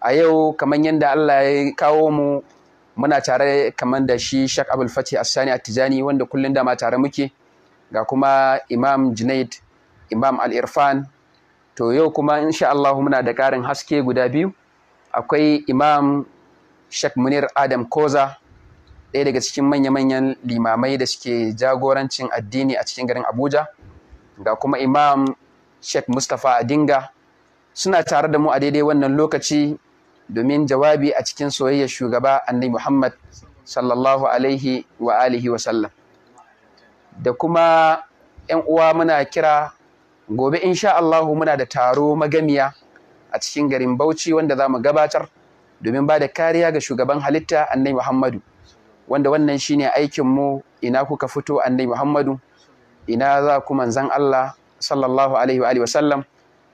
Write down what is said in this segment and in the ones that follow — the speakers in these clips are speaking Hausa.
a yau kamar yadda Allah ya kawo mu muna tare kamar da shi Sheikh Abdul Fatih sani wanda kullun da ma tare muke ga kuma Imam Junaid Imam Al-Irfan to yau kuma insha Allah muna da karin haske guda biyu akwai Imam Sheikh Munir Adam Koza ɗaya daga cikin manya-manyan limamai da suke jagorancin addini a cikin garin Abuja ga kuma Imam Sheikh Mustapha Adinga suna tare da mu a daidai wannan lokaci domin jawabi a cikin soyayyar shugaba annabi Muhammad sallallahu alaihi wa alihi wa sallam da kuma ‘yan uwa muna kira gobe insha Allahu muna da taro magamiya a cikin garin Bauchi wanda za mu gabatar domin ba da kariya ga shugaban halitta annabi Muhammadu wanda wannan shine aikin mu ina kuka fito annabi Muhammadu ina za ku manzan Allah sallallahu alaihi wa alihi wa sallam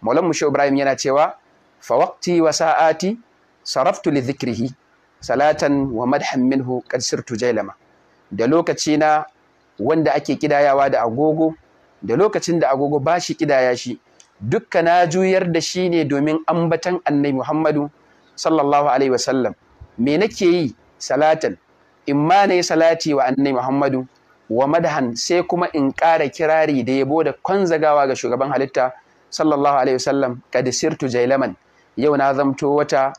Maulan Mushe Ibrahim yana cewa fa waqti wa sa'ati saraftu li salatan wa madhan minhu qad sirtu jailama da lokaci wanda ake kidayawa da agogo da lokacin da agogo ba shi kidaya shi dukka na juyar da shi ne domin ambatan annabi Muhammadu sallallahu alaihi wasallam me nake yi salatan in na salati wa annabi Muhammadu wa madahan sai kuma in ƙara kirari da yabo da kwanzagawa ga shugaban halitta sallallahu alaihi wasallam kad sirtu jailaman yau na zamto wata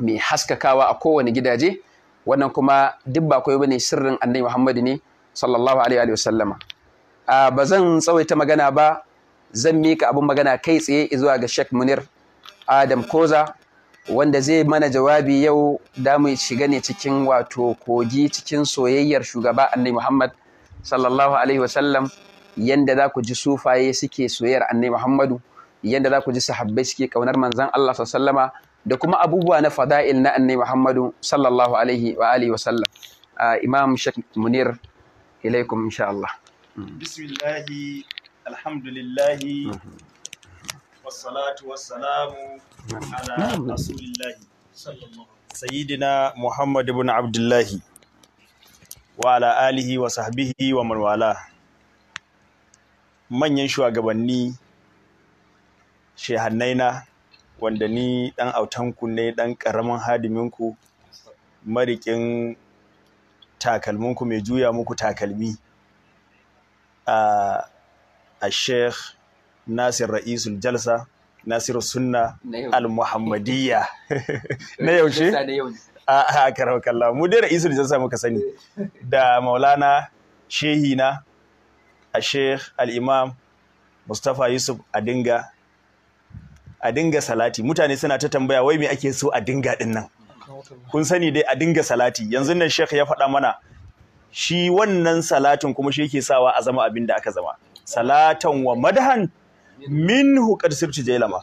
mai haskakawa a kowane gidaje wannan kuma duk ba koyo ne sirrin annabi Muhammadu ne sallallahu alaihi wa sallama ba zan tsawaita magana ba zan mika abin magana kai tsaye zuwa ga Sheikh Munir Adam Koza wanda zai mana jawabi yau da mu shiga ne cikin wato kogi cikin soyayyar shugaba annabi Muhammad sallallahu alaihi wa sallam yanda za ku ji sufaye suke soyayyar annabi Muhammadu yanda za ku ji sahabbai suke kaunar manzon Allah sallallahu alaihi wa sallama da kuma abubuwa na fada'il na annai Muhammadu sallallahu alaihi wa alihi wa sallam imam Sheikh Munir ilaikum insha Allah hmm. bismillahi alhamdulillahi hmm. wassalatu wassalamu ala hmm. rasulillahi sallallahu sayyidina Muhammad ibn Abdullahi wa ala alihi wa sahbihi wa man manyan shugabanni shehannaina wanda ni ɗan autanku ne ɗan ƙaramin hadiminku mariƙin takalminku mai juya muku takalmi a sheikh nasir ra'isul jalsa Nasir sunna al-muhammadiyya na yaushe a karau mu dai ra'isul jalsa muka sani da maulana shehina a sheikh al-imam mustapha yusuf adinga a dinga salati mutane suna ta tambaya wai me ake so a dinga din nan kun sani dai a dinga salati yanzu nan shekh ya faɗa mana shi wannan salatin kuma shi yake sawa a zama abin da aka zama salatan wa madahan minhu qad sirtu jailama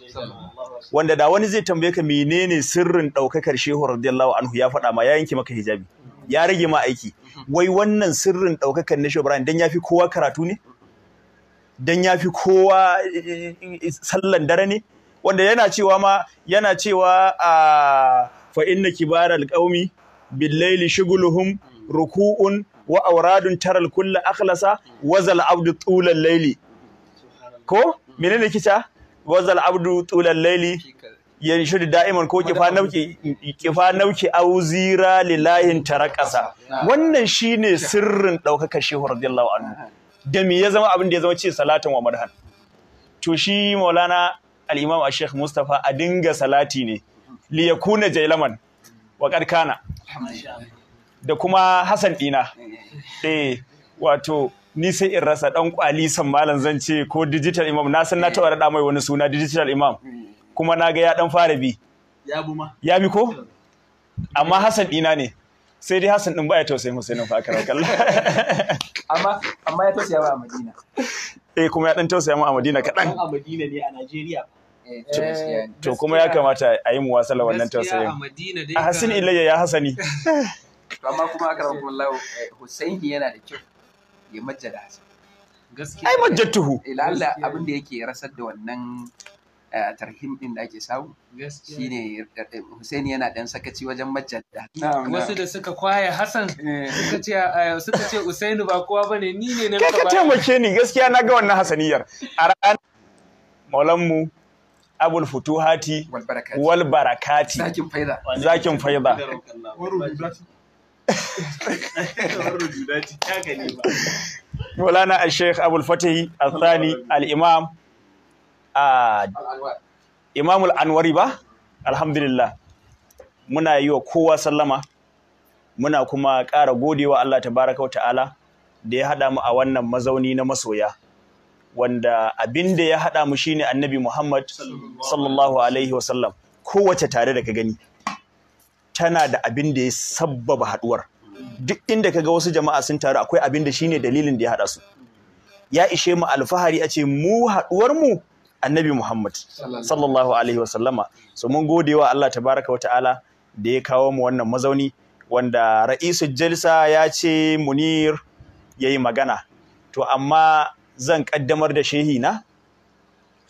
wanda da wani zai tambaye ka menene sirrin daukakar shehu radiyallahu anhu ya faɗa ma ya yanke maka hijabi ya rage ma aiki wai wannan sirrin daukakar na shehu dan yafi kowa karatu ne dan yafi kowa eh, eh, eh, sallan dare ne wanda yana cewa ma yana cewa a fa inna kibaral qaumi billaili shuguluhum ruku'un wa auradun taral kulla akhlasa wazal abdu tulal laili ko menene kita wazal abdu tulal laili yanshudu da'iman ko kifa nauke kifa nauki auzira lillahin tarakasa wannan shine sirrin daukaka shehu radiyallahu anhu da me ya zama abin da ya zama ce salatan wa madhan to shi maulana al’imam a sheikh Mustapha. a dinga salati ne li yakuna jailaman wa ƙarƙana, da kuma Hassan dina eh wato ni sai in rasa ɗan kwali san malam zan ce ko digital imam na san na ta raɗa mai wani suna digital imam kuma na ga ya dan fara bi ya bi ma ya bi ko amma Hassan dina ne sai dai Hassan ba ya tausayin Husainin fa karar kallon. Amma amma ya tausaya ba a Madina. eh kuma ya dan tausaya mu a Madina kaɗan. a Madina ne a Najeriya. Eh, to kuma ya kamata a yi mu wasala wannan tausayin. A Hassan Ilayya ya hasani. Amma kuma aka rabu Allah eh, Hussein yana da kyau ya majjada Hasan. Gaskiya. Ai majjatuhu. Eh, Allah abin da yake rasar da wannan tarhim din da ake samu shine eh, Hussein yana dan sakaci wajen majalla. wasu da suka kwaya Hassan eh. suka ce suka ce Usainu ba kowa bane ni ne na ka taimake ni gaskiya na ga wannan Hassaniyar a ran maulanmu abul futuhati wal barakati zakin faida zakin faida مولانا الشيخ أبو الفتح الثاني الإمام imamul anwari ba alhamdulillah muna yi wa kowa sallama muna kuma ƙara godewa Allah tabaraka wa ta'ala da ya haɗa mu a wannan mazauni na masoya wanda abin da ya haɗa mu shine annabi Muhammad sallallahu alaihi wasallam kowace tare da ka gani tana da abin da ya sabbaba haɗuwar duk inda ka ga wasu jama'a sun taru akwai abin da shine dalilin da ya haɗa su ya ishe mu alfahari a ce mu haɗuwar mu annabi Muhammad sallallahu alaihi wasallama so mun gode wa Allah tabaraka wa ta'ala da ya kawo mu wannan mazauni wanda ra'isul jalsa ya ce Munir yayi magana to amma zan kaddamar da shehi na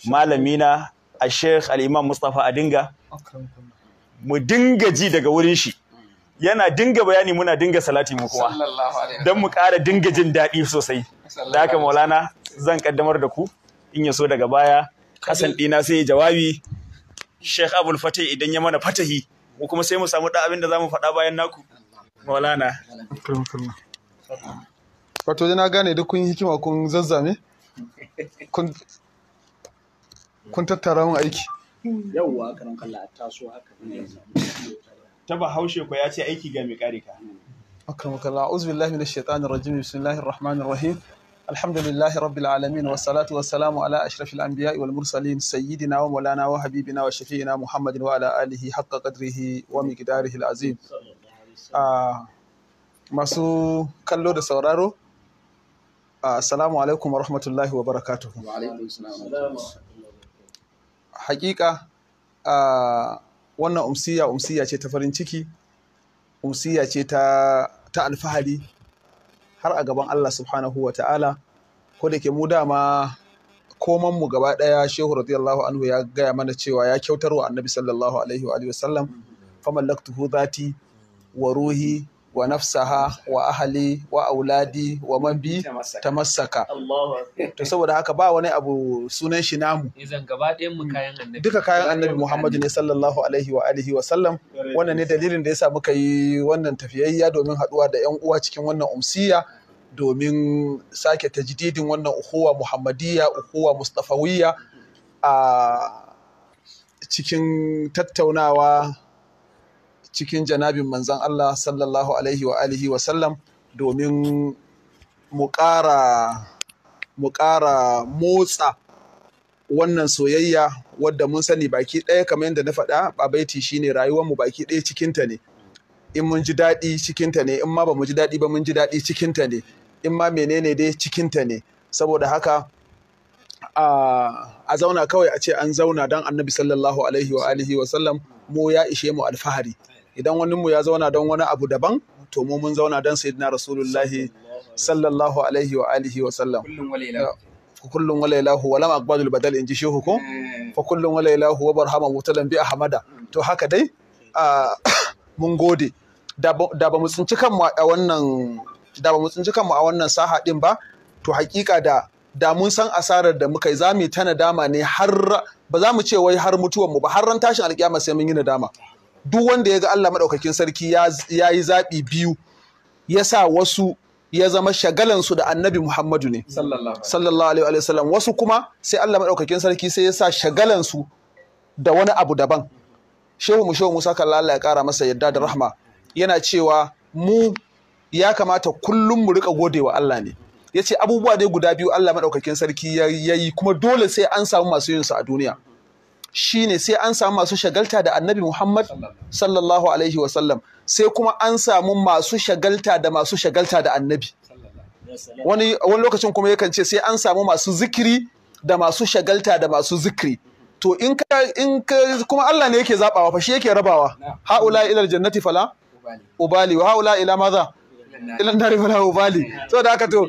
malami na Sheikh Al-Imam Mustafa Adinga mu dinga ji daga wurin shi yana dinga bayani muna dinga salati mu kuma don mu kara dinga jin daɗi sosai da haka maulana zan kaddamar da ku in ya so daga baya Hassan dina sai ya jawabi Sheikh Abul Fatih idan ya mana fatahi mu kuma sai mu samu da abin da zamu faɗa bayan naku Maulana Wato na gane duk kun yi hikima kun zazzame kun kun tattara mun aiki yawwa karan kallon taso haka ta bahaushe ko ya ce aiki ga mai karika أكرمك الله أعوذ بالله من الشيطان الرجيم بسم الحمد لله رب العالمين والصلاة والسلام على أشرف الأنبياء والمرسلين سيدنا ومولانا وحبيبنا وشفينا محمد وعلى آله حق قدره ومقداره العظيم masu kallo da sauraro ah, assalamu alaikum wa rahmatullahi wa barakatuhu hakika ah, wannan umsiya umsiya ce ta farin ciki umsiya ce ta alfahari har a gaban Allah subhanahu wa ta'ala ko da ke mu dama koman mu gaba daya shehu radiyallahu anhu ya gaya mana cewa ya kyautarwa annabi sallallahu alaihi wa sallam famallaktuhu dhati wa ruhi wa nafsaha wa ahali wa auladi wa mabi ta masaka to saboda haka ba wani abu sunan shi namu duka kayan annabi muhammadu ne sallallahu alaihi wa alihi wa sallam wannan ne dalilin da ya sa muka yi wannan tafiyayya domin haduwa da yan uwa cikin wannan umsiya domin sake tajdidin wannan uhuwa muhammadiyya uhuwa mustafawiyya a cikin tattaunawa cikin janabin manzan Allah sallallahu alaihi wa wa sallam domin mu ƙara motsa wannan soyayya wadda mun sani baki ɗaya kamar yadda na faɗa shi ne rayuwar mu baki ɗaya cikinta ne in mun ji daɗi cikinta ne in ma ba mu ji daɗi ba mun ji daɗi cikinta ne in ma menene dai cikinta ne saboda haka a zauna kawai a ce an zauna don annabi sallallahu alaihi wa alihi wa sallam mu ya ishe mu alfahari idan wani mu ya zauna don wani abu daban to mu mun zauna don na rasulullahi sallallahu alaihi wa alihi wa sallam kullum wala ilahu wala maqbadul badal ji shehu ko eh. fa kullum wala ilahu wa barhama mutalan bi ahmada to haka dai mun gode da ba mu tsinci kanmu a wannan da ba mu tsinci kanmu a wannan saha din ba to hakika da da mun san asarar da muka yi za mu yi ta nadama ne har ba za mu ce wai har mutuwan mu ba har ran tashin alƙiyama sai mun yi nadama duk wanda ya ga Allah maɗaukakin sarki ya yi zaɓi biyu ya sa wasu ya zama shagalansu da annabi Muhammadu ne sallallahu alaihi wa wasu kuma sai Allah maɗaukakin sarki sai ya sa shagalansu da wani abu daban shehu mu shehu Musa kallon Allah ya ƙara masa yadda da rahma yana cewa mu ya kamata kullum mu riƙa gode wa Allah ne ya ce abubuwa ne guda biyu Allah maɗaukakin sarki ya yi kuma dole sai an samu masu yinsu a duniya shine sai an samu masu shagalta da annabi Muhammad sallallahu alaihi wasallam sai kuma an samu masu shagalta da masu shagalta da annabi wani lokacin kuma yakan ce sai an samu masu zikiri da masu shagalta da masu zikiri to in ka in ka kuma Allah ne yake zabawa fa shi yake rabawa haula ila jannati, fala ubali haula ila maza, ila nari fala ubali to da haka to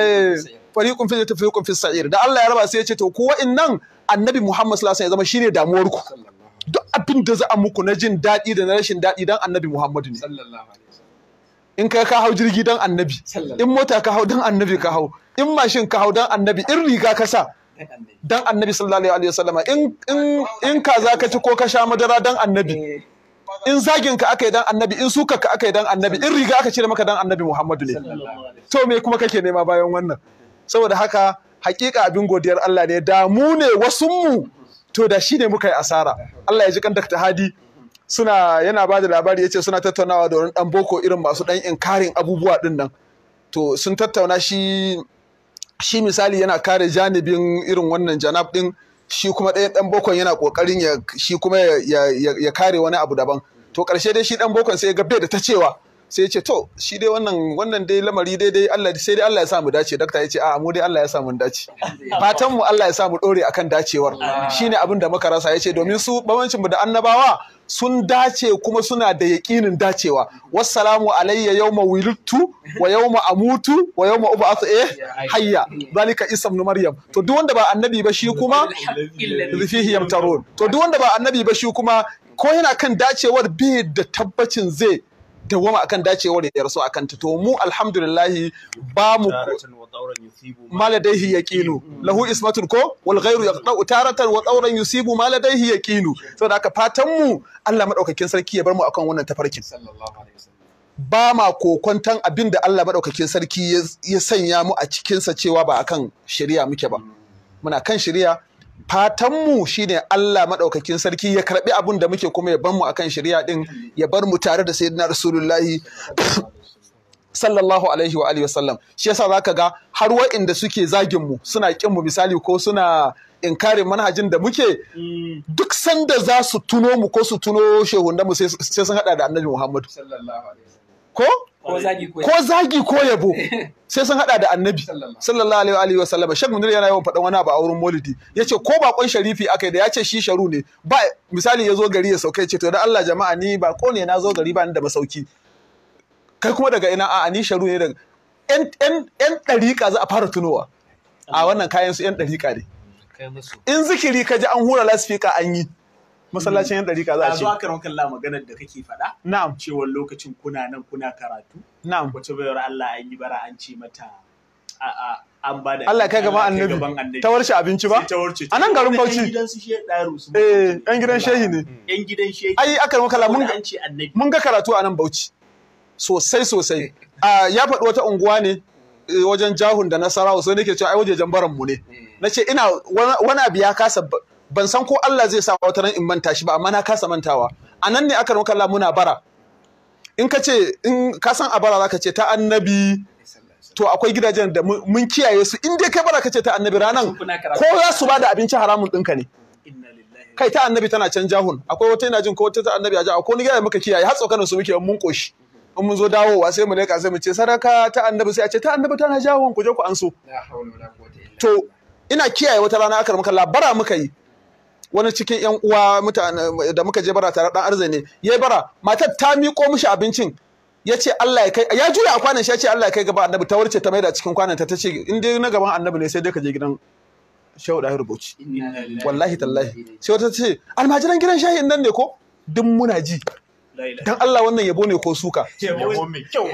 eh fariqun fil tafriqun fis sa'ir da Allah ya raba sai ya ce to ku wa'annan annabi Muhammad sallallahu alaihi wasallam shine damuwar ku duk abin da za a muku na jin daɗi da na rashin daɗi dan annabi Muhammad ne in kai ka hau jirgi dan annabi in mota ka hau dan annabi ka hau in mashin ka hau dan annabi in riga ka sa dan annabi sallallahu alaihi wasallam in in in ka ka ci ko ka sha madara dan annabi eh. in zagin ka aka yi dan annabi in suka ka aka yi dan annabi in riga aka cire maka dan annabi muhammad ne to me kuma kake nema bayan wannan saboda haka hakika abin godiyar Allah ne da mu ne mu to da shi ne muka yi asara Allah ya ji kan Dr. Hadi suna yana ba da labari ya ce suna tattaunawa da wani dan boko irin masu dan inkarin abubuwa din nan to sun tattauna shi shi misali yana kare janibin irin wannan janab din shi kuma ɗaya ɗan bokon yana ƙoƙarin ya shi kuma ya, kare wani abu daban to ƙarshe dai shi ɗan bokon sai ya ga da ta cewa sai ce to shi dai wannan wannan dai lamari dai dai Allah sai dai Allah ya sa mu dace dakta ya ce a mu dai Allah ya sa mu dace fatan mu Allah ya sa mu dore akan dacewar shine abin da muka rasa ya ce. domin su bawancin mu da annabawa sun dace kuma suna da yaƙinin dacewa wassalamu alayya yawma wulidtu wa yawma amutu wa yawma ub'athu eh hayya zalika isa ibn maryam to duk wanda ba annabi ba shi kuma fihi yamtarun to duk wanda ba annabi ba shi kuma ko yana kan dacewar bi da tabbacin zai dawwama akan dacewar ya rasu akan ta to mu alhamdulillah ba mu maladaihi yaqinu lahu ismatun ko wal ghairu yaqta'u taratan wa dawran yusibu maladaihi yaqinu saboda haka fatan mu Allah madaukakin sarki ya bar mu akan wannan tafarkin ba ma kokontan abinda Allah madaukakin sarki ya sanya mu a cikin sa cewa ba akan shari'a muke ba mm. muna kan shari'a fatanmu shine Allah maɗaukakin sarki ya karɓi abin da muke kuma ya ban mu akan shari'a ɗin ya bar mu tare da sayyidina rasulullahi sallallahu alaihi wa alihi wasallam shi yasa zaka ga har wa'inda suke zagin mu suna kin mu misali ko suna inkarin manhajin da muke mm. duk sanda za su tuno mu ko su tuno da mu sai sun hada da annabi Muhammad ko ko zagi ko yabo sai sun hada da annabi sallallahu alaihi wa sallam shek munir yana yawan faɗan wani abu auren molidi yace ko bakon sharifi akai da yace shi sharu ne ba misali yazo gari ya sauka yace to da Allah jama'a ni ba ko ne na zo gari ba ni da masauki kai kuma daga ina a ni sharu ne daga yan yan yan dariqa za a fara tunowa a wannan kayan su yan dariqa ne in zikiri kaji an hura lasfika an yi masallacin yan dari za a ce. Ka karon kalla maganar da kake faɗa. Na'am. Cewar lokacin kuna nan kuna karatu. Na'am. Wace bayar Allah an yi bara an ce mata an ba da Allah kai gaban annabi ta warce abinci ba a nan garin Bauchi gidan su shehi daru su eh yan gidan shehi ne mm. yan gidan shehi ai aka maka la mun mun ga karatu a nan Bauchi sosai sosai ya faɗi wata unguwa ne eh, wajen jahun da nasarawa sai nake cewa ai waje jambaran mu ne mm. nace ina wani abu ya kasa ban san ko Allah zai sa wata ran in manta shi ba amma na kasa mantawa a nan ne aka roƙa muna bara in ka ce in ka san a bara zaka ce ta annabi to akwai gidajen da mun kiyaye su in dai kai bara ka ce ta annabi ranan ko za su bada abinci haramun ɗinka ne kai ta annabi tana can jahun akwai wata ina jin ko wata ta annabi a ko akwai wani muka kiyaye har tsokanin su muke mun koshi in mun zo dawowa sai mu leka sai mu ce sadaka ta annabi sai a ce ta annabi tana jahun ku je ku an so to ina kiyaye wata rana aka muka labara muka yi wani cikin yan uwa da muka je bara tare dan arzai ne yayi bara matar ta miƙo mishi abincin ya ce Allah ya kai ya juya a kwanan shi ya ce Allah ya kai gaba annabi ta warce ta maida cikin kwanan ta ce in dai na gaban annabi ne sai dai ka je gidan shehu da rubuci wallahi tallahi sai wata ce almajiran gidan shahi nan ne ko duk muna ji dan Allah wannan yabo ne ko suka yabo mai kyau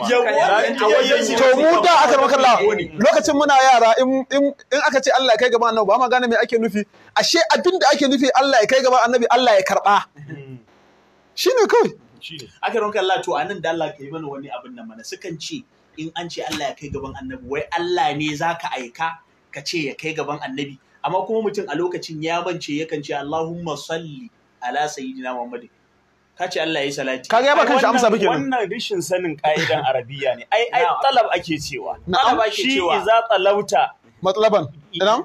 to mu da aka maka Allah lokacin muna yara in in aka ce Allah ya kai gaba annabi ba ma gane me ake nufi ashe abin da ake nufi Allah ya kai gaba annabi Allah ya karba hmm. shine kawai shine aka ranka Allah to anan da Allah ka yi mana wani abin nan mana sukan ce in an ce Allah ya kai gaban annabi wai Allah ne zaka aika ka ce ya kai gaban annabi amma kuma mutum a lokacin ya bance yakan ce Allahumma salli ala sayyidina Muhammadin ka ce Allah ya yi salati Kage ba kanshi amsa bike wannan rishin sanin ka'idan arabiya ne ai ai talab ake cewa talab ake cewa shi iza talauta matlaban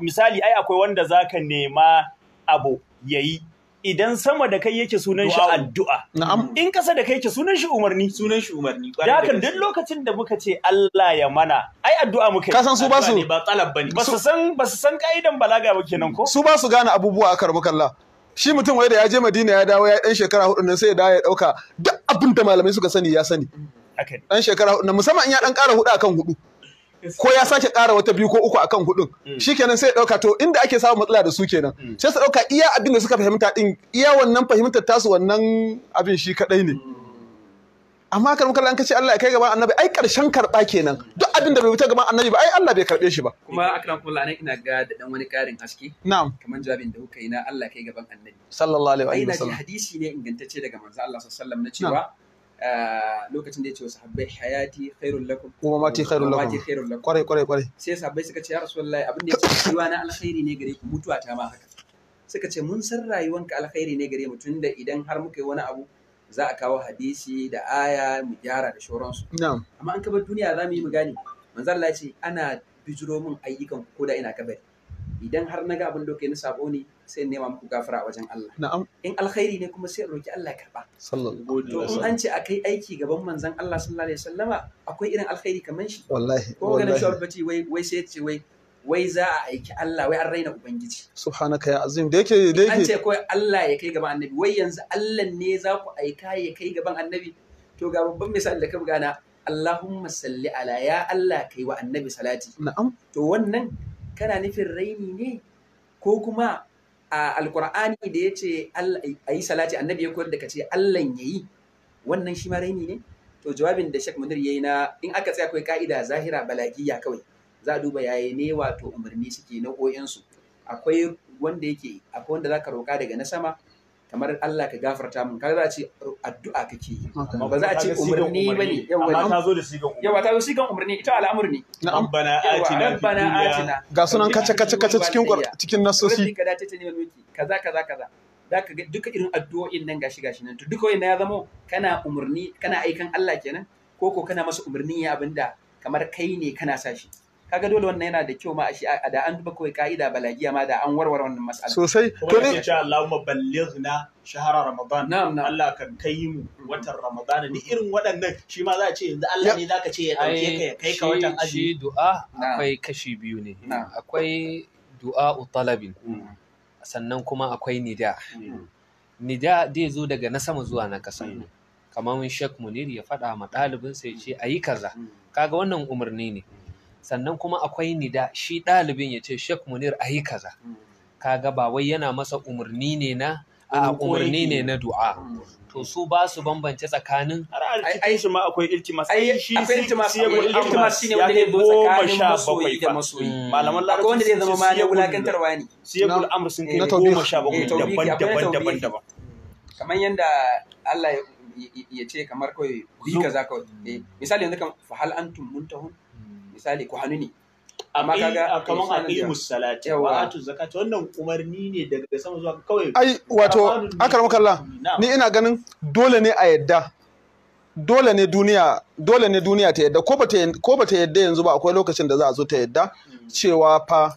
misali ai akwai wanda zaka nema abu yayi idan sama da kai yake sunan shi addu'a na'am in kasa da kai yake sunan shi umarni sunan shi umarni da kan duk lokacin da muka ce Allah ya mana ai addu'a muka ka san su ba su ba talab bane ba su san ba su san ka'idan balaga ba kenan ko su ba su gane abubuwa akar mukalla shi mutum wai da ya je Madina ya dawo ya dan shekara hudu nan sai ya dawo ya dauka duk abin da malamai suka sani ya sani dan shekara hudu nan musamman in ya dan kara hudu akan hudu ko ya sake kara wata biyu ko uku akan hudun mm. shikenan sai ya dauka to inda ake samu matsala da su kenan mm. sai su dauka iya abin da suka fahimta din iya wannan fahimtar tasu wannan abin shi kadai ne mm. amma kar muka an kace Allah ya kai gaban annabi ai karshen karba kenan duk abin da bai wuce gaban annabi ba ai Allah bai karbe shi ba kuma akram kullu anan ina ga da dan wani karin haske na'am kaman jabin da kuka yi na Allah kai gaban annabi sallallahu alaihi wa sallam hadisi ne ingantacce daga manzo Allah sallallahu alaihi wa sallam na cewa ah, lokacin da ya ce wa sahabbai hayati khairul lakum kuma mati khairul lakum mati khairul lakum kwarai kwarai kwarai sai sahabbai suka ce ya rasulullahi abin da ya ce rayuwa na alkhairi ne gare ku mutuwa ta ma haka suka ce mun san rayuwanka alkhairi ne gare mu tunda idan har muka yi wani abu za a kawo hadisi da aya mu gyara da shoransu. amma an kaba duniya za mu yi mu gane manzo Allah ya ce ana bijiro min ayyukan ko da ina kabari idan har na ga abin da na sabo ne sai nema muku gafara a wajen Allah in alkhairi ne kuma sai roki Allah ya karba sallallahu alaihi wasallam to an ce akai aiki gaban manzon Allah sallallahu alaihi wasallama akwai irin alkhairi kaman shi wallahi ko ganin shi wai wai sai ya ce wai wai za a aiki Allah wai an raina ubangiji subhanaka ya azim da yake da yake an ce ko Allah ya kai gaban annabi wai yanzu Allah ne za ku aika ya kai gaban annabi to ga babban misali da ka gana Allahumma salli ala ya Allah kai wa annabi salati na'am to wannan kana nufin raini ne ko kuma a alkur'ani da ya ce a yi salati annabi ya koyar da ka ce Allah ya yi wannan shi ma raini ne to jawabin da Sheikh Munir ya yi na in aka tsaya akwai ka'ida zahira balagiya kawai za a duba yaya ne wato umarni suke na nau'o'insu akwai wanda yake akwai wanda zaka roka daga na sama kamar Allah ka gafarta mun kaga za a ce addu'a kake yi amma ba za a ce umarni bane yawa ta zo da sigan umarni yawa ta zo sigan umarni ita al'amur ne rabbana atina rabbana atina ga sunan kace kace kace cikin cikin nasosi kaza kaza kaza zaka ga duka irin addu'o'in nan gashi gashi nan to duka wayannan ya zamo kana umarni kana aikan Allah kenan ko ko kana masa umarni ya abinda kamar kai ne kana sa shi kaga dole wannan yana da kyau ma a shi da an duba kawai ka'ida balagiya ma da an warware wannan matsala sosai to ne insha Allah mu ballighna shahara ramadan na'am na'am Allah kan kai mu watan ramadan ni irin waɗannan shi ma za a ce yanzu Allah ne zaka ce ya dauke ka ya kai ka watan aji shi du'a akwai kashi biyu ne akwai du'a talabin hmm. sannan kuma akwai nida hmm. nida dai zo daga na sama zuwa na kasa hmm. kamar Sheikh Munir ya faɗa ma ɗalibinsa ya ce a yi kaza kaga wannan umarni ne sannan kuma akwai nida shi ɗalibin ya ce Sheikh Munir a yi kaza kaga ba wai yana masa umarni ne na a umarni ne na du'a to su ba su bambance tsakanin ai shi ma akwai iltimas ai shi akwai iltimas iltimas shine wanda zo tsakanin masoyi da masoyi mm. malaman larabci wanda zai zama ma na wulakantarwa ne siyabul amr sun eh, kai goma sha bakwai eh, daban daban daban daban kamar yadda Allah ya ce kamar kawai bi kaza kawai eh, misali yanzu kan fa hal antum muntahun misali ku hannu ne amma eh, kaga kamar aqimus salati wa atu wannan umarni ne daga sama zuwa kawai ai wato akar kalla. ni ina ganin dole ne a yadda dole ne duniya dole ne duniya ta yadda ko ba ta yadda yanzu ba akwai lokacin da za a zo ta yadda hmm. cewa fa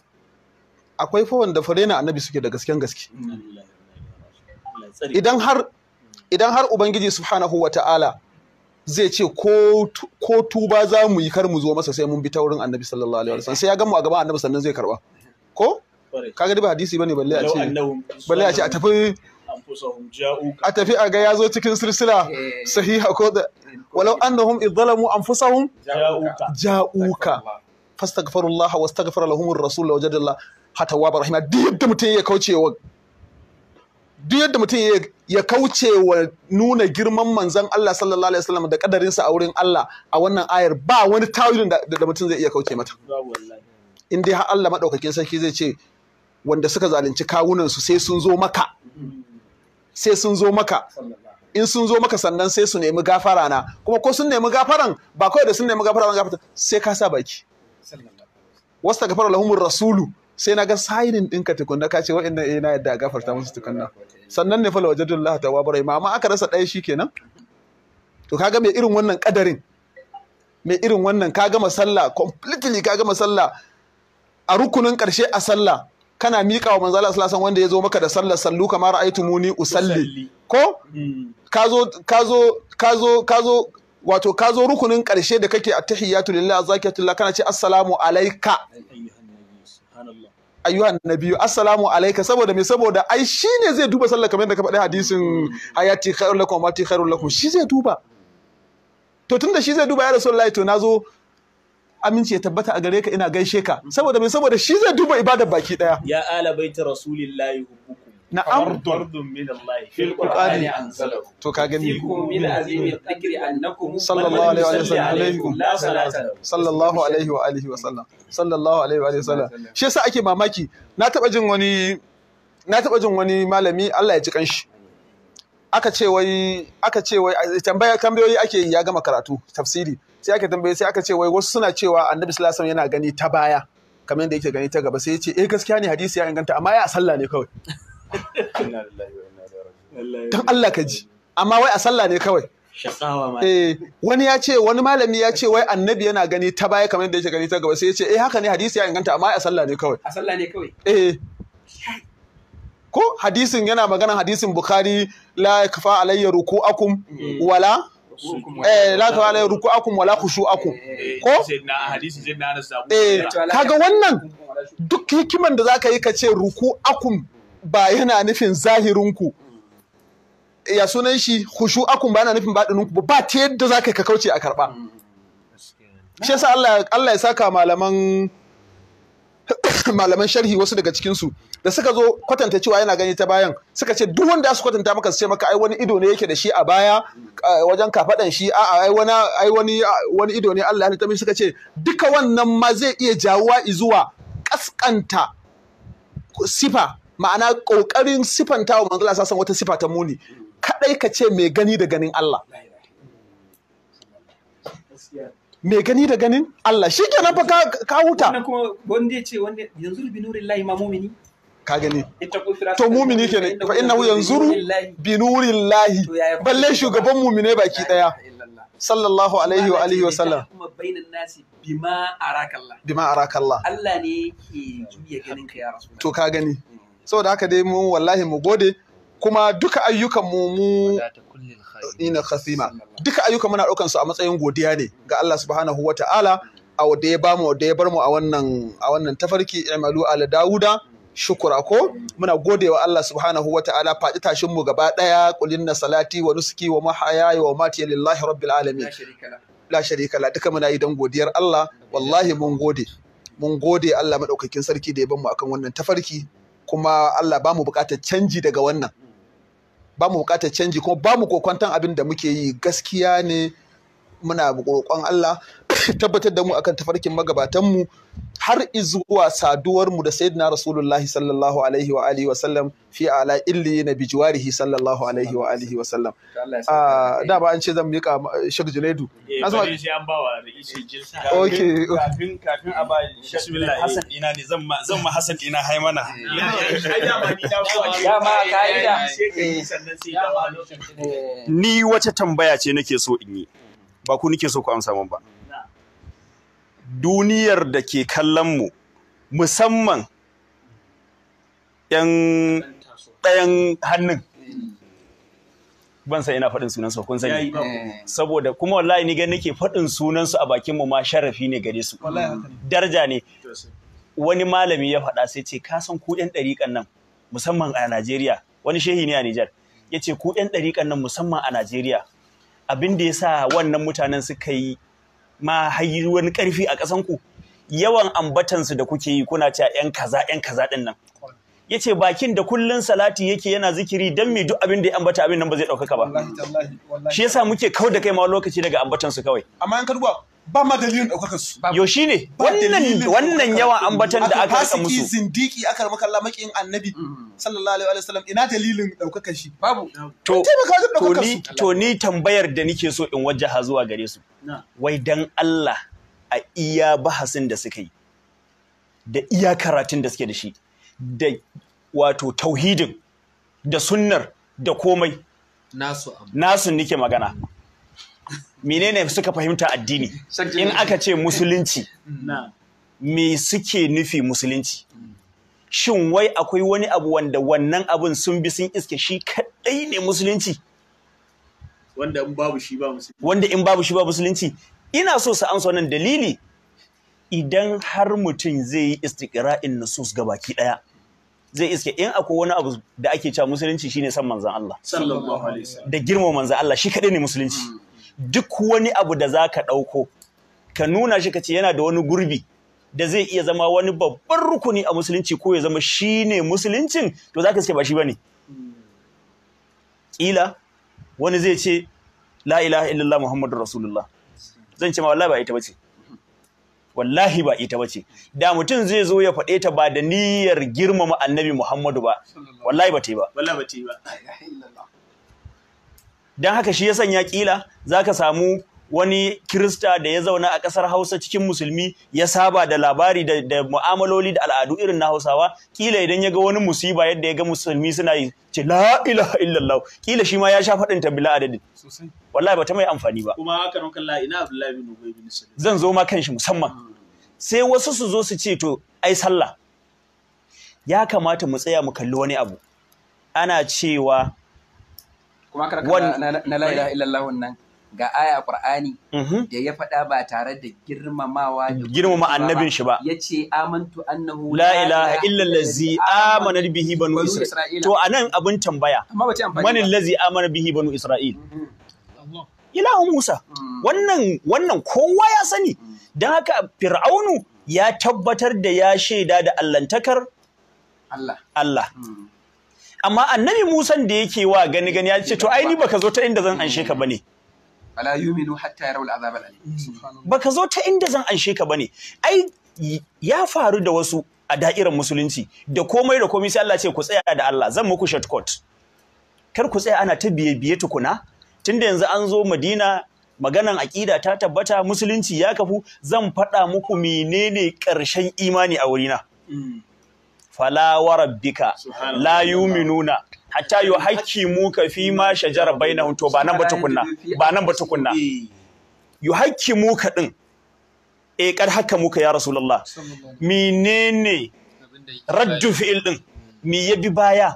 akwai fa wanda fa na annabi suke da gasken gaske idan har hmm. idan har ubangiji subhanahu wa ta'ala. zai ce ko tuba za mu yi kar mu zo masa sai mun bi ta wurin annabi sallallahu alaihi wasallam sai ya gamu a gaban annabi sannan zai karba ko kaga dai ba hadisi bane balle a ce balle a ce a tafi a tafi a ga yazo cikin silsila eh. sahiha ko da walau annahum idzalamu anfusahum ja'uka fastaghfirullah wastaghfir lahum ar-rasul wajadallah wa barahima duk da mutum ya kauce wa duk yadda mutum ya kauce wa nuna girman manzon Allah sallallahu alaihi wasallam da kadarinsa a wurin Allah a wannan ayar ba wani tawilin da mutum zai iya kauce mata in dai har Allah madaukakin sarki zai ce wanda suka zalunci kawunan su sai sun zo maka sai sun zo maka in sun zo maka sannan sai su nemi gafara na kuma ko sun nemi gafaran ba kawai da sun nemi gafara zan gafata sai ka sa baki wasta gafara lahumur rasulu sai na ga sainin ɗinka tukunna ka ce wa'annan eh na yadda a gafarta musu nan sannan ne fala wajadullah tawwabar rahim amma aka rasa ɗaya kenan to kaga mai irin wannan kadarin mai irin wannan ka gama sallah completely ka gama sallah a rukunin karshe a sallah kana miƙa wa manzala sallallahu wanda ya zo maka da sallar sallu kamar aitumuni, usalli ko mm. kazo kazo kazo kazo wato kazo rukunin karshe da kake attahiyatu lillahi zakiyatu lillahi kana ce assalamu alayka ayyuhan nabiyyu assalamu alayka saboda me saboda ai shine zai duba sallar kamar yadda ka faɗi hadisin hmm. hayati khairul lakum wa khairul lakum shi zai duba to tunda shi zai duba ya rasulullahi to nazo aminci ya tabbata a gare ka ina gaishe ka saboda me saboda shi zai duba ibadar baki daya ya ala baiti rasulillahi hukuku na'am min to ka gani min sallallahu alaihi wa sallam alaihi wa alihi wa yasa ake mamaki na taba jin wani na taba malami Allah ya ji kanshi aka ce tambayoyi ake ya gama karatu tafsiri sai aka tambaye sai aka ce wai wasu suna cewa annabi sallallahu yana gani ta baya kamar yadda yake gani ta gaba sai ya ce eh gaskiya ne hadisi ya inganta amma ya sallah ne kawai don Allah ka ji amma wai a sallah ne kawai Eh, wani ya ce wani malami ya ce wai annabi yana gani ta baya kamar yadda yake gani ta gaba sai ya ce eh haka ne hadisi ya inganta amma a sallah ne kawai a sallah ne kawai eh ko hadisin yana magana hadisin bukhari la kafa mm. eh, alayya ruku'akum wala eh la ta ruku akum wala eh, akum eh. ko eh kaga wannan duk hikiman da zaka yi ka ce akum ba yana nufin zahirinku ya sunan shi hushu akun ba yana nufin baɗininku ba ba ta yadda za ka kauce a karɓa shi yasa Allah ya saka malaman sharhi wasu daga cikinsu da suka zo kwatanta cewa yana gani ta bayan suka ce duk wanda su kwatanta maka su ce maka ai wani ido ne yake da shi a baya wajen kafadan shi a ai wani wani ido ne Allah ya tabbata suka ce duka wannan ma zai iya jawuwa zuwa kaskanta sifa ma'ana ƙoƙarin sifanta wa manzala sa san wata sifa ta muni kaɗai ka ce mai gani da ganin Allah mai gani da ganin Allah shi kenan fa ka huta wannan kuma wanda ya ce wanda yanzu bi nurin lahi ma mumini ka gani to mumini kenan fa innahu yanzuru bi nurin lahi balle shugaban mumine baki daya sallallahu alaihi wa alihi wa sallam kuma bainan nasi bima arakallah bima arakallah Allah ne ke juya ganin ka ya rasulullah to ka gani saboda haka dai mun wallahi mu gode kuma duka ayyukan mu mu ina khasima duka ayyukan muna daukan su a matsayin godiya ne ga Allah subhanahu wataala a wanda ya bamu da ya bar mu a wannan a wannan tafarki imalu ala dauda shukura ko muna godewa Allah subhanahu wataala faɗi tashin mu gaba daya kulinna salati wa nusuki wa mahayaya wa mati lillahi rabbil alamin la sharika la duka muna yi dan godiyar Allah wallahi mun gode mun gode Allah madaukakin sarki da ya bamu akan wannan tafarki kuma Allah ba mu buƙatar canji daga wannan ba mu buƙatar canji kuma ba mu kokwantan abin da muke yi gaskiya ne muna roƙon Allah tabbatar da mu akan tafarkin magabatanmu har izuwa saduwar mu da sayyidina rasulullahi sallallahu alaihi wa alihi wa sallam fi ala illi na bijiwarihi sallallahu alaihi wa alihi wa sallam ah, da ba an ce zan mika eh, Sheikh Junaidu eh, na zama sai an bawa okay kafin kafin a ba bismillah Hassan ina ne zan ma zan ma Hassan ina hai mana eh. ma kaida ni wace tambaya ce nake so in yi ba ku nike so ku amsa min ba duniyar da ke kallon mu musamman yan ɗayan hannun ban san ina faɗin sunansu kun sani saboda kuma wallahi ni gani nake faɗin sunansu a bakin mu ma sharafi ne gare su Darja ne wani malami ya faɗa sai ce kasan san ku ɗan ɗariƙan nan musamman a Najeriya wani shehi ne a Nijar ya ce ku ɗan ɗariƙan nan musamman a Najeriya abin da ya sa wannan mutanen suka yi ma hayi wani karfi a ƙasanku yawan ambatansu da kuke yi kuna cewa yan kaza yan kaza ɗin nan ce bakin da kullun salati yake yana zikiri don me duk abin da ya ambata abin nan ba zai ɗaukaka ba shi yasa muke kau da kai ma lokaci daga ambatansu kawai amma ba ma dalilin ɗaukakar su. Yo shi ne wannan an ambatan da aka rasa musu. Fasiki zindiki aka rama kalla maƙin annabi mm. sallallahu alaihi wasallam ina dalilin ɗaukakar shi. Babu. To to ni tambayar da nike so in wajaha zuwa gare su. Wai dan Allah a iya bahasin da suka yi da iya karatun da suke da shi da wato tauhidin da sunnar da komai. Nasu. Nasu nike magana. menene suka fahimta addini in aka ce musulunci me suke nufi musulunci shin wai akwai wani abu wanda wannan abun sun bi sun iske shi kadai ne musulunci wanda in babu shi ba musulunci wanda in babu shi ba musulunci ina so su amsa wannan dalili idan har mutum zai yi istiqra'in nusus ga baki daya zai iske in akwai wani abu da ake cewa musulunci shine san manzon Allah sallallahu alaihi wasallam da girmama manzon Allah shi kadai ne musulunci hmm. duk wani abu da za ka ɗauko ka nuna shi ka ce yana da wani gurbi da zai iya zama wani babban rukuni a musulunci ko ya zama shi ne musuluncin to za ka ce ba shi ba ne ƙila wani zai ce la ilaha illallah muhammadu rasulullah zan ce ma wallahi ba ita ba ce wallahi ba ita bace da mutum zai zo ya faɗe ta ba da niyyar girmama annabi Muhammadu ba wallahi ba ta yi ba wallahi ba ta yi ba don haka shi ya sanya kila za ka samu wani kirista da ya zauna a ƙasar hausa cikin musulmi ya saba da labari da, mu'amaloli da al'adu irin na hausawa kila idan ya ga wani musiba yadda ya ga musulmi suna yi ce la ilaha illallah kila shi ma ya sha faɗin ta adadin wallahi ta mai amfani ba kuma haka nan kallahi ina abdullahi bin ubay bin zan zo ma kanshi musamman sai wasu su zo su ce to ai sallah ya kamata mu tsaya mu kalli wani abu ana cewa kuma karkar na la ilaha illallah wannan ga aya qur'ani mhm. da ya faɗa ba tare da girmamawa girmama annabin shi ba yace amantu annahu la ilaha illa allazi amana bihi banu isra'il to anan abin tambaya man allazi amana bihi banu isra'il ilahu musa mm. wannan wannan kowa ya sani mm. dan haka fir'aunu ya tabbatar da ya shaida da allantakar Allah Allah mm. amma annabi Musan da yake wa gani gani ya ce to ai ni baka zo ta inda zan anshe ka bane ala yuminu hatta al azab alim baka zo ta inda zan anshe ka bane ai ya faru da wasu a da'irar musulunci da komai da komai sai Allah ce ku tsaya da Allah zan muku shortcut kar ku tsaya ana ta biye biye tukuna tunda yanzu an zo Madina maganan aƙida ta tabbata musulunci ya kafu zan faɗa muku menene ƙarshen imani a wurina. Mm. fala wa rabbika la yuminuna hatta ka fi ma shajara bainahum to ba nan ba tukunna ba nan ba tukunna ka din eh kar haka muka ya rasulullah menene raddu fi'il din Mi yabi baya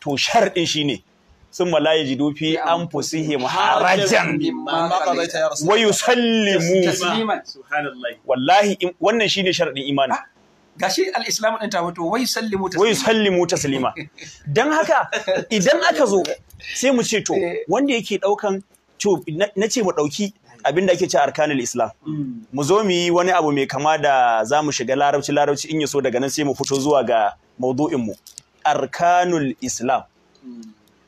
to sharɗin shine sun mala ya ji dufi an fusihe harajan wa yusallimu wallahi wannan shine sharadin imani ah. gashi al-islamu ta wato wai sallimu taslima wai sallimu taslima dan haka idan aka zo sai mu ce to eh. wanda yake ɗaukan to na ce mu dauki abin da ake ce arkanul islam mm. mu zo mu yi wani abu mai kama da za mu shiga larabci larabci in ya so daga nan sai mu fito zuwa ga maudu'in mu arkanul islam mm.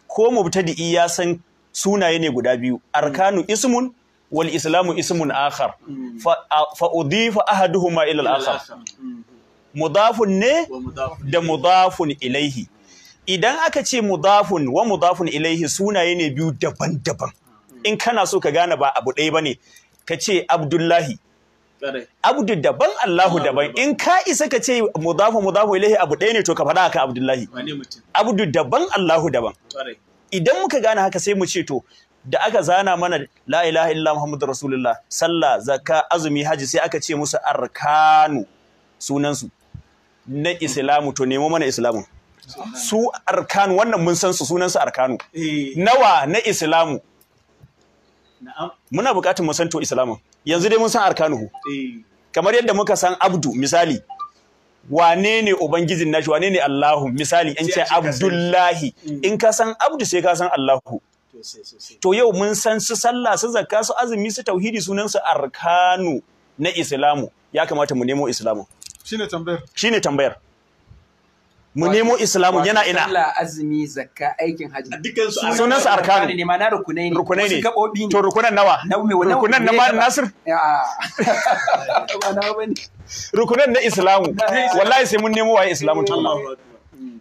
ko mubtadi'i ya san sunaye ne guda biyu arkanu mm. ismun wal islamu ismun akhar fa udifa ahaduhuma ila al akhar mudafun ne da mudafun ilaihi idan aka ce mudafun wa mudafun ilaihi sunaye ne biyu daban-daban in kana so ka gane ba abu ɗaya bane ka ce abdullahi abdu daban allahu daban in ka isa ka ce mudafun mudafun ilaihi abu ɗaya ne to ka faɗa ka abdullahi abdu daban allahu daban idan muka gane haka sai mu ce to da aka zana mana la ilaha illa muhammadu rasulullah sallah zakka azumi haji sai aka ce musu arkanu sunansu na islamu to nemo mana islamu su arkanu wannan mun san su sunan su arkanu eh. nawa na islamu muna buƙatar mu san to islamu yanzu dai mun san arkanu, eh. kamar yadda muka san abdu misali wane ne ubangijin nashi wane ne Allahu misali in ce Abdullahi mm. in ka san Abdu sai ka san Allahu to yau mun san su sallah su zakka su azumi su tauhidi sunan su arkanu na Islamu ya kamata mu nemo Islamu shine tambayar shine tambayar mu nemo islamu yana ina sallah azumi zakka aikin haji dukkan su sunan su arkanu ne ma'ana rukunai ne rukunai ne ne to rukunan nawa rukunan na mal nasir rukunan na islamu wallahi sai mun nemo waye islamu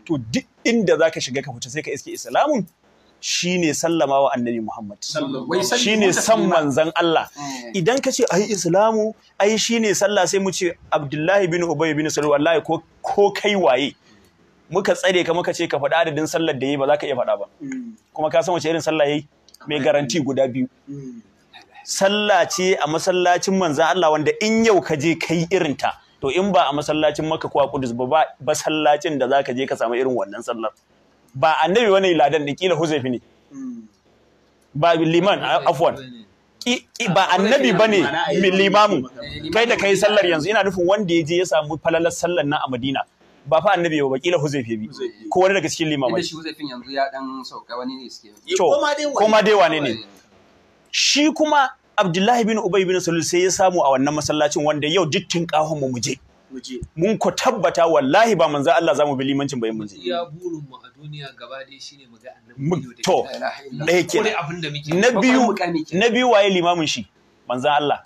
to duk inda zaka shiga ka fita sai ka iske islamun shine sallama wa annabi Muhammad shine san manzan Allah eh. idan ka ce ai islamu ai shine sallah sai mu ce Abdullahi bin Ubay bin Salul wallahi ko ko kai waye muka tsare ka muka ce ka faɗa adadin sallar da yi ba za ka iya faɗa ba hmm. kuma ka san wace irin sallah yayi mai garanti guda biyu hmm. sallah ce a masallacin manzan Allah wanda in yau ka je kai ta to in ba a masallacin Makka ko a Kudus ba ba masallacin da za ka je ka samu irin wannan sallar ba annabi wani ladan ne kila huzaifi ne ba liman afwan ba annabi bane limamu eh, kai da kai sallar yanzu ina nufin wanda ya je ya samu falalar sallar na a Madina ba fa annabi ba kila huzaifi bi ko wani daga cikin limamai shi huzaifin yanzu ya dan sauka wani ne suke to kuma dai wane ne shi kuma Abdullahi bin Ubay bin Salul sai ya samu a wannan masallacin wanda yau dittin kahon mu muje mun ku tabbata wallahi ba manzo Allah zamu bi limancin bayin mun iya burin mu a duniya gaba dai shine mu ga annabi to ɗaya kenan na biyu na biyu waye limamin shi manzo Allah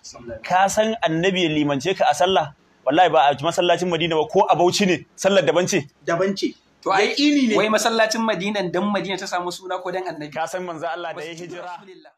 ka san annabi limance ka a sallah wallahi ba a masallacin Madina ba ko a Bauchi ne sallar daban ce daban ce to ai ne wai masallacin Madinan dan Madina ta samu suna ko dan annabi ka san manzo Allah da ya hijira